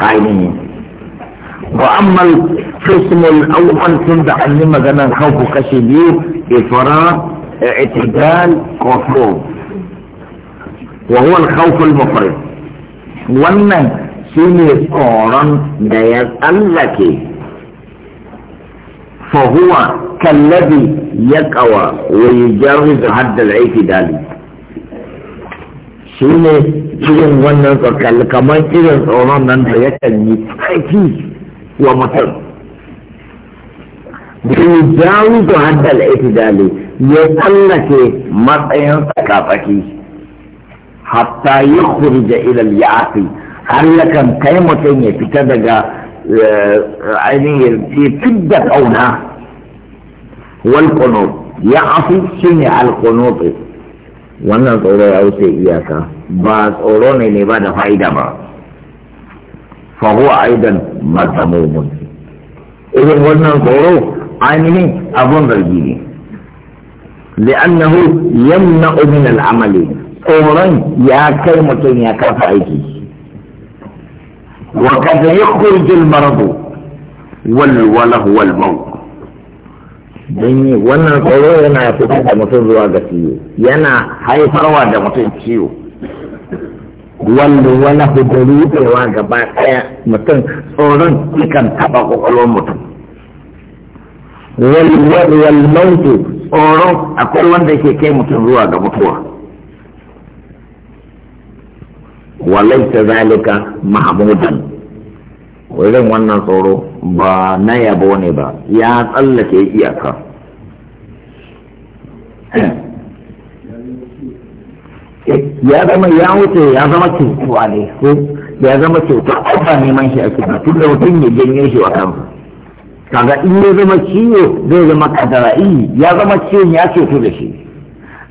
قائلين واما القسم الاول سند علم غنا خوف كشبي افراء اعتدال كفوف وهو الخوف المفرط وانا سيني قرن ديال لك فهو كالذي يقوى ويجرد حد الاعتدال shi ne irin wannan tsarkar kamar irin tsoron nan da yakan yi tsaki wa mutum bai jawo da haddal itidali ya tsallake matsayin tsakatsaki hatta ya kurja ilal ya'afi har yakan kai mutum ya fita daga ainihin ya fidda ƙauna wal ya afi shi ne al wannan tsoro ya wuce iyaka ba tsoro ne ne ba da fa'ida ba a aidan mazamumun irin wannan tsoro ainihin abun zargi ne li'annahu yamna min al'amali tsoron ya kai mutum ya kafa aiki wa kada yakhrujul maradu wal walahu wal don yi wannan tsoro yana fitar da mutum zuwa ga ciwo yana haifarwa da mutum ciwo wanda wani hudari tsewa gaba ɗaya mutum tsoron ikan taɓa ƙwaƙwalwar mutum wal mautu tsoro akwai wanda ke kai mutum zuwa ga mutuwa walaita zalika mahamudan wurin wannan tsoro ba na yabo ne ba ya tsallake iyaka ya zama ya wuce ya zama cutuwa ne ko ya zama a ba neman shi a ba tun da mutum ya janye shi wa kansa kaga in ya zama ciwo zai zama kadara'i ya zama ciwon ya cutu da shi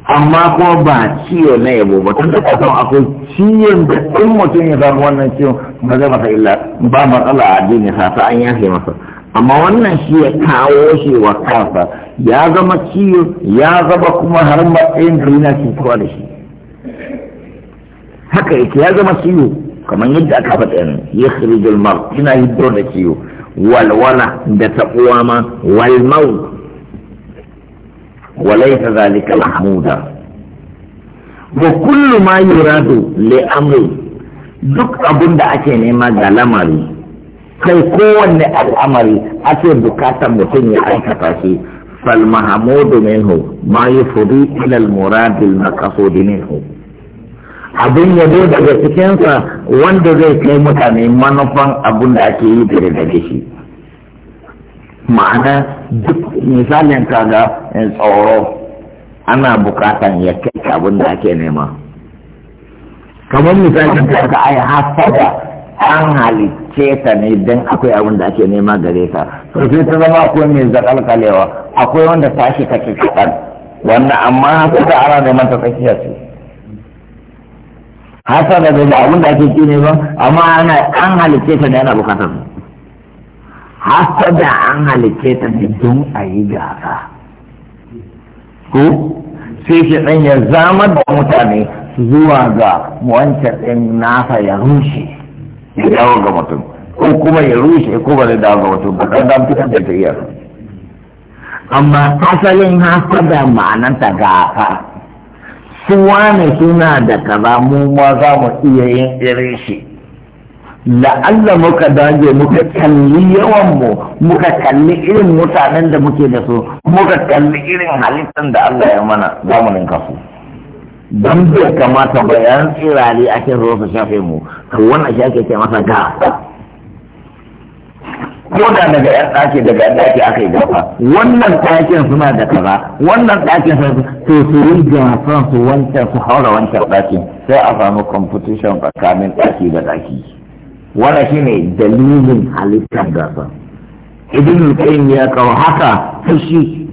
amma kuma ba ciwo na yabo ba tun da akwai ciwon da in mutum ya samu wannan ciwon ba zai masa illa ba matsala a addini sa an yafe masa amma wannan shi ya kawo shi wa kansa ya zama ciwo ya zama kuma har matsayin da yana cutuwa da shi haka yake ya zama ciwo kamar yadda aka faɗa yanzu ya khirijul mar yana hiddo da ciwo walwala da taɓuwa ma walmau وليس ذلك محمودا وكل ما يراد لأمر duk abin da ake nema ga lamari kai kowanne al'amari ake bukatar mutum ya aikata shi fal mahamudu minhu ma yufdi ila al murad maqsud minhu abin yabo daga cikinsa wanda zai kai mutane manufan abin da ake yi da shi ma'ana duk misalin kaga in eh, tsoro ana bukatan ya kai abin da ake nema kamar misalin kaga ai hasada an halicce ta ne don akwai abin da ake nema gare ta to sai ta zama akwai mai zakalkalewa akwai wanda tashi kake kaɗan wannan amma hasada ana neman ta tsakiya ce hasada da abin da ake ci ne ba amma ana an halicce ta ne ana bukatar Hasa da an halice ta ne don a yi gasa ko sai shi ɗan ya zama da mutane zuwa ga wancan ɗin nasa ya rushe ya dawo ga mutum ko kuma ya rushe ko ba zai dawo ga mutum ba ɗan fitar da tafiyar amma asalin hasada ma'ananta gafa su wane suna da kaza mu ma za mu iya yin irin shi la'alla muka dage muka kalli yawanmu muka kalli irin mutanen da muke da su muka kalli irin halittar da Allah ya mana zamanin kasu. don bai kamata bayan tsirali ake zo su shafe mu to wannan shi ake ce masa ga ko da daga yan ɗaki daga yan ɗaki aka yi gafa wannan ɗakin suna da kaza wannan ɗakin suna to su yi gasan su wancan su haura wancan ɗakin sai a samu competition tsakanin ɗaki da ɗaki wala shi ne dalilin halittar gasa idan mutum ya kawo haka fushi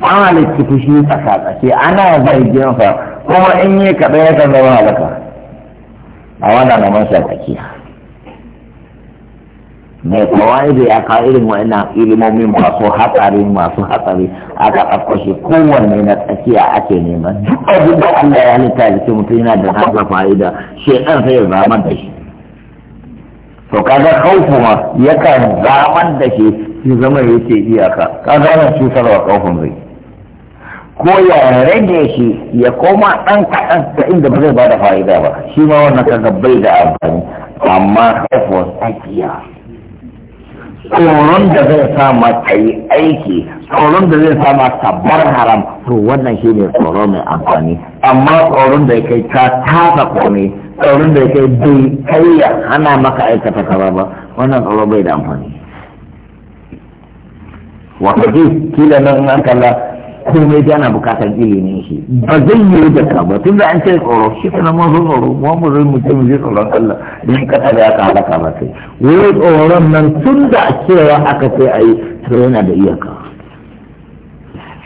an halitta fushi a kakashe ana zargin sa kuma in yi kaɗa ya kan zama halaka a wannan na masa tsakiya mai kawai da ya kawo irin wa'annan ilimomin masu hatsari masu hatsari aka ɗauko shi kowanne na tsakiya ake neman duk abin da Allah ya halitta jikin mutum yana da nasa fa'ida shekan sai ya zama da shi to kaga kaufu ma yakan zaman da shi shi zama yake iyaka kaga ana cutarwa khawfun zai ko ya rage shi ya koma ɗan kaɗan da inda ba zai ba da fa'ida ba shi ma wannan kaga bai da amfani amma ta tsakiya tsoron da zai sa ma ta yi aiki tsoron da zai sa ma ta bar haram to wannan shi ne tsoro mai amfani amma tsoron da ya kai ta tasa kone. tsoron da yake bai kauya ana maka aikata kaza ba wannan tsoro bai da amfani wato zai kila nan an kalla komai da ana bukatar ilimi shi ba zai yi da ka ba tun da an ce tsoro shi kana ma zo tsoro ma mu zai mu ce mu je tsoron Allah din ka tada ya ka halaka ba sai wai tsoron nan tun da cewa aka ce ayi to yana da iyaka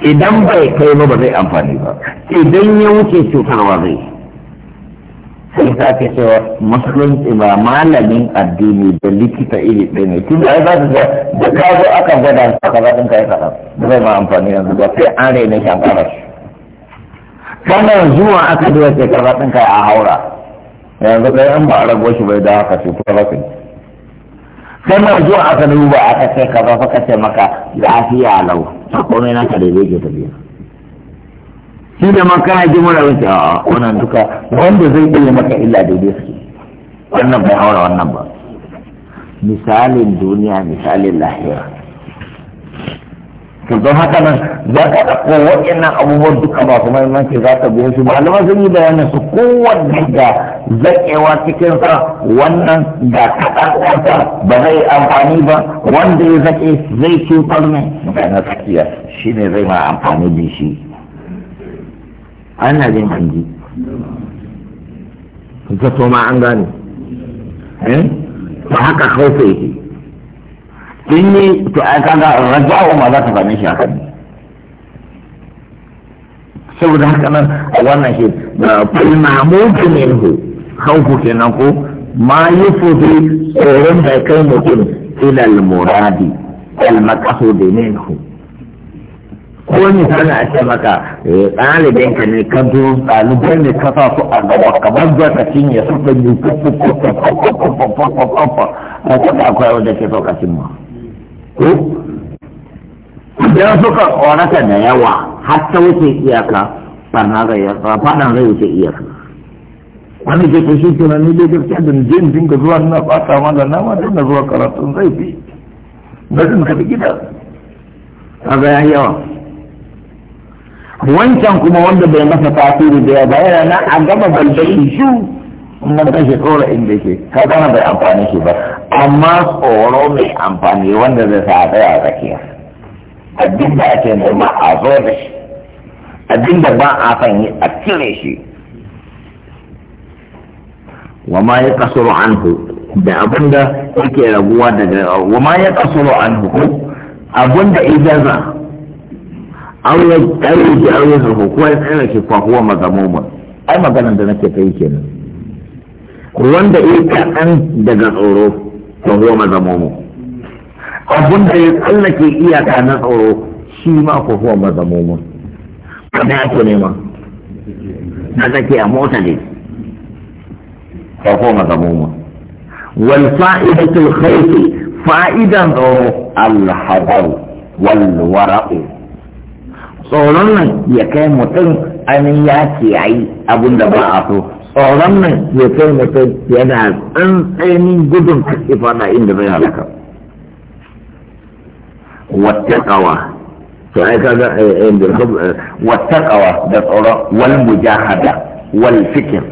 idan bai kai ba ba zai amfani ba idan ya wuce cutarwa zai sai za ka cewa musulunci ba malamin addini da likita iri ɗaya ne tun da ai za su ce da ka zo aka gwada ka za ka yi kaɗan ba zai ma amfani yanzu ba sai an raina shi an ƙara shi kana zuwa aka duba ce ka za kai a haura yanzu ɗaya an ba a rago shi bai da haka ce ko ba kai kana zuwa aka duba aka ce ka za ka ce maka lafiya lau ta komai na ka daidai ke tafiya shi da man kana ji mura wace a wannan duka wanda zai iya maka illa daidai suke wannan bai haura wannan ba misalin duniya misalin lahira to don haka nan za ka ɗauko waɗannan abubuwan duka ba kuma manke za ka biyo su alama zan yi bayanin su kowanne da zaƙewa cikin sa wannan da kaɗan ɗansa ba zai amfani ba wanda ya zaƙe zai cutar ne mutane tsakiya shi ne zai ma amfani da shi ana jin hanji zato ma an gane ba eh? haka kawai yake in yi to ai kaga raja'u ma za ka same shi haka ne saboda haka nan a wannan shi ne minhu hauku kenan ko ma yi fudu tsoron da kai mutum ilal muradi al maqsudi minhu ko ni sana a ce maka ɗalibin ka ne ka zo ɗalibai ne ka sa su a gaba kamar za ka cinye su ka yi a kuma akwai wanda ke so ka cimma ko idan suka ƙorata da yawa har ta wuce iyaka barna zai faɗan zai wuce iyaka wani ke ta shi tunani dai gaskiya da jin dinga zuwa na ɓata ma da nama dinga zuwa karatun zai fi da zan tafi gida kaga ya yawa wancan kuma wanda bai masa tasiri da yawa yana na a gaba balbai shu kuma ta shi tsora inda ke ka gana bai amfani shi ba amma tsoro mai amfani wanda zai sa tsaya a tsakiya abin da ake nema a zo da shi abin da ba a san yi a cire shi wa ma ya kasuru anhu da abin da yake raguwa daga wa ma ya kasuru anhu abin da za an yi dai da an yi zuhu ko ya tsaya ke kwakuwa huwa ai maganan da nake kai kenan wanda ya kaɗan daga tsoro fa huwa mazamumun abun da ya tsallake iyaka na tsoro shi ma fa huwa mazamumun kada ake nema na zake a mota ne fa huwa mazamumun wal fa'idatul haifi, fa'idan tsoro al hadar wal wara'u tsoron nan ya kai mutum anin ya ce yi abin da ba a so tsoron nan ya kai mutum yana tsantsanin gudun kashe fada inda zai halaka wattaqawa to ai kaga wattaqawa da da tsoron wal mujahada wal fikir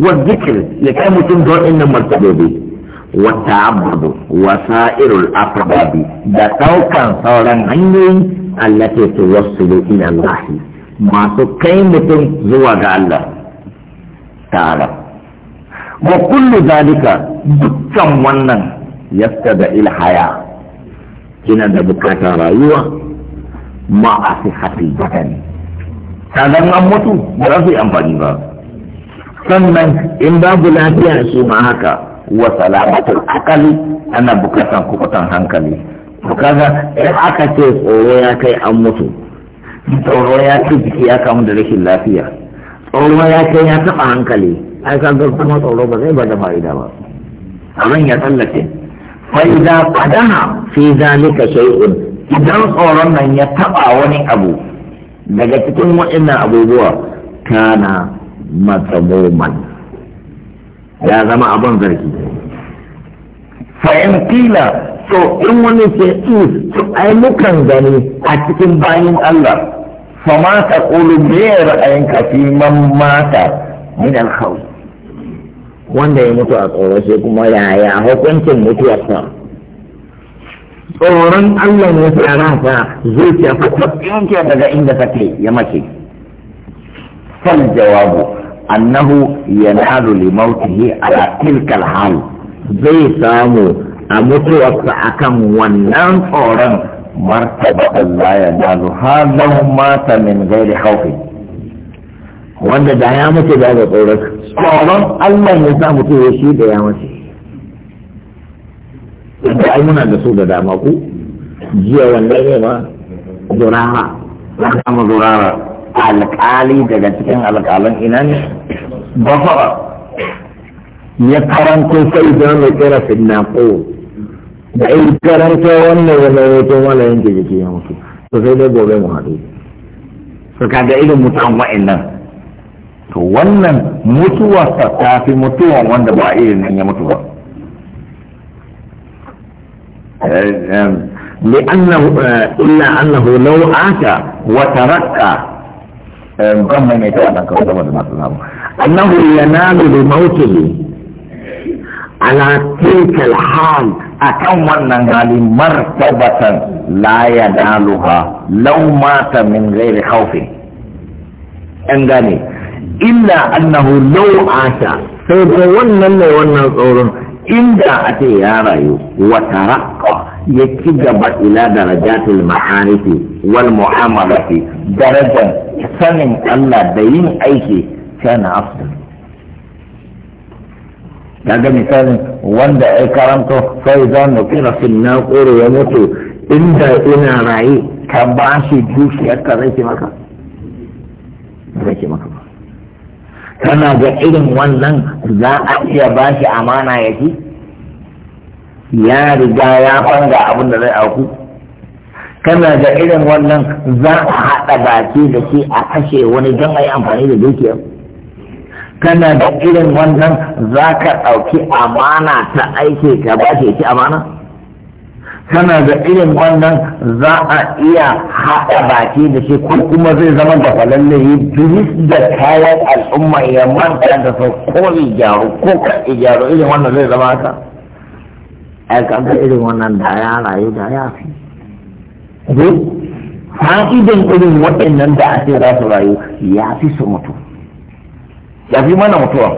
wal zikir ya kai mutum don innan martabobi wata abudu wasa'irul afrabi da saukan sauran hanyoyi su tuwassilu ila Allah masu kai mutum zuwa ga Allah ta'ala wa kullu zalika dukkan wannan yastada da haya kina da bukatar rayuwa ma'a sihhatil badan kadan an mutu ba za su yi amfani ba sannan in babu lafiya shi ma haka wa salamatul akali ana bukatan kukutan hankali kaga in aka ce tsoro ya kai an mutu tsoro ya kai jiki ya kamu da rashin lafiya tsoro ya kai ya taɓa hankali ai kaga kuma tsoro ba zai ba da fa'ida ba abin ya tsallake fa'ida qadaha fi zalika shay'un idan tsoron nan ya taɓa wani abu daga cikin waɗannan abubuwa kana matsamoman ya zama abin zargi fa'in kila to in wani ke in mm, to ai mukan gani a cikin bayan Allah fa ma ta qulu ra'ayin ra'ayinka fi man mata min al wanda ya mutu a tsoro sai kuma yaya hukuncin mutuwarsa tsoron Allah ne ya rasa zuciya fa yanke daga inda take ya mace fal jawabu annahu yanalu li mautihi ala tilka al hal zai samu a mutuwarsa akan wannan tsoron martaba Allah ya dalu halau mata min gairi haufi wanda da ya mutu da ga tsoron tsoron Allah ya sa mutu ya shi da ya mace da ai muna da su da dama ku jiya wanda ne ma zurara na kama zurara alƙali daga cikin alƙalan ina ne fara ya karanto sai da mai kira ko. da in karanta wannan ya zawaito mana yanke jiki ya mutu to sai dai gobe mu haɗu su kaga irin mutuwan wa'annan to wannan mutuwarsa ta fi mutuwan wanda ba irin nan ya mutu ba لأنه إلا أنه لو أتى وتركه ضمن يتوقع أنه ينال بموته على تلك الحال اتمنى غالي مرتبة لا ينالها لو مات من غير خوف انغاني الا انه لو عاش فيتولى اللي ونا صورن إن اتي يا رأي وترقى يتجب الى درجات المعارف والمعاملة درجة سنم الله بين ايكي كان افضل kaga misalin wanda ya karanto sai za mu kira fil naqur ya mutu inda ina raye ka ba shi dukiyar ka zai maka zai maka kana ga irin wannan za a iya ba shi amana ya ci ya riga ya fanga abin da zai auku kana ga irin wannan za a haɗa baki da shi a kashe wani don a yi amfani da dukiyar kana da irin wannan za ka ɗauki amana ta aiki ka ba ke ci amana kana da irin wannan za a iya haɗa baki da shi ko kuma zai zama da falalle yi bilis da kayan al'umma ya manta da sau ko gyaru ko ka gyaru irin wannan zai zama haka ai ka irin wannan da ya rayu da ya fi fa'idan irin waɗannan da a za su rayu ya fi su mutu ya fi mana mutuwa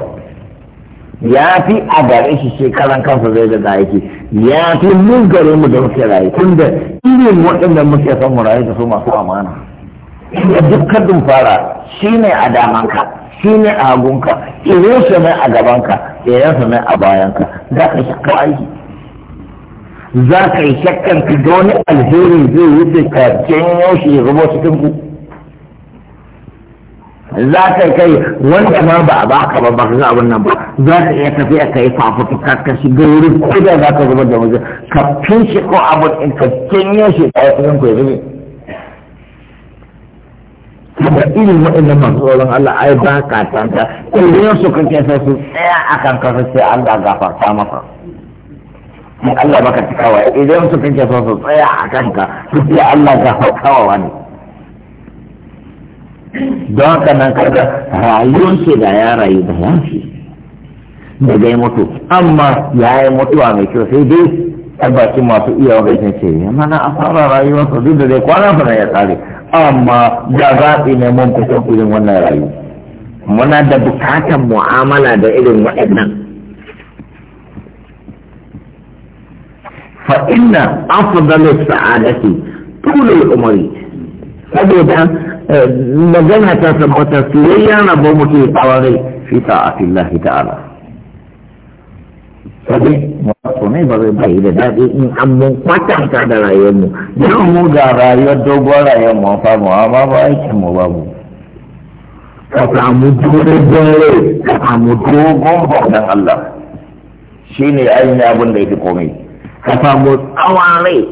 ya fi a gare shi shekaran kansa zai ga yake ya fi mun gare mu da muke rayu tun da irin waɗanda muke son mu rayu da su masu amana da dukkan dun fara shi ne a damanka shi ne a hagunka irin su ne a gabanka irin su ne a bayanka za ka shakka aiki za ka yi shakkan ka wani alheri zai yi ka janyo shi ya zubo cikin ku za ka kai wanda ma ba a baka ba ba ka ga abin nan ba za ka iya tafiya ka yi fafutuka ka ga wurin ko da za ka zubar da wajen ka fishi ko abin in ka kenya shi a yakin ku ne da irin waɗannan masu tsoron Allah ai ba ka tanta irin su kake sai su tsaya a kan kasa sai Allah gafarta maka in Allah baka cikawa idan su kake so su tsaya a kan ka sai Allah gafarta wa wani don haka nan kaga rayuwar shi da ya rayu da ya Da daga ya mutu amma ya yi mutuwa mai kyau sai dai a bakin masu iya wajen ce ya mana a fara rayuwarsa duk da dai kwana fana ya tsare amma da zaɓi ne mun kusan kudin wannan rayu muna da bukatar mu'amala da irin waɗannan fa inna afdalu sa'adati tulul umri saboda Eh, magana ta tabbata soyayya na ba muke tsaware fi ta'atillah ta'ala sabi wato ne ba zai bai da daɗi in an mun kwatanta da rayuwarmu don mu ga rayuwar dogon rayuwar mu fa mu amma ba aikin mu babu ka samu dogon rai ka samu dogon bautan Allah shine ainihin abin da yake komai ka samu tsawon rai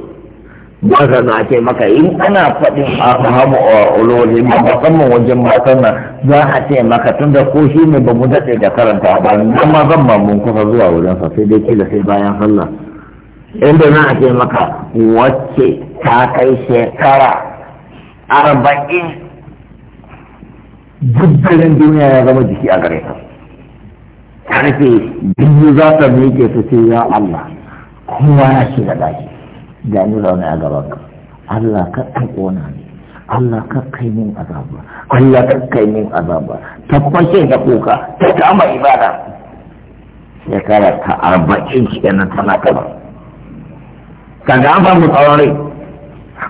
wanda na ce maka in ana faɗin a hamu a ulori musamman wajen matan nan za a ce maka tun da ko shi ne ba mu daɗe da karanta ba nan ma zan ma mun kusa zuwa wajen sa sai dai kila sai bayan sallah inda na a ce maka wacce ta kai shekara arba'in dukkanin duniya ya zama jiki a gare ta karfe biyu za ta miƙe ta ce ya Allah kowa ya shiga daki gani zaune a gaban ka Allah ka kai kona ne Allah ka kai min azaba Allah ka kai min azaba ta kwashe da kuka ta kama ibada ya kara ta arba'in kenan tana kaba kaga an samu tsawon rai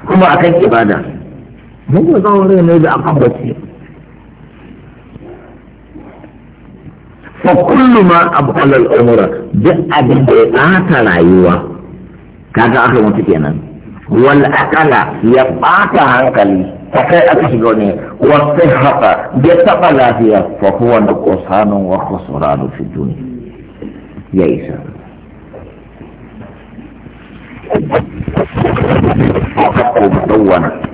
kuma kai ibada mun yi tsawon ne da akan bace fa kullu ma abqala al umura duk abin da ya tsata rayuwa kaga aka mutu kenan wal akala ya bata hankali ta kai aka shiga ne wa sihhata ya taba lafiya fa huwa nuqsanun wa khusranun fi dunya ya isa وقد مدونة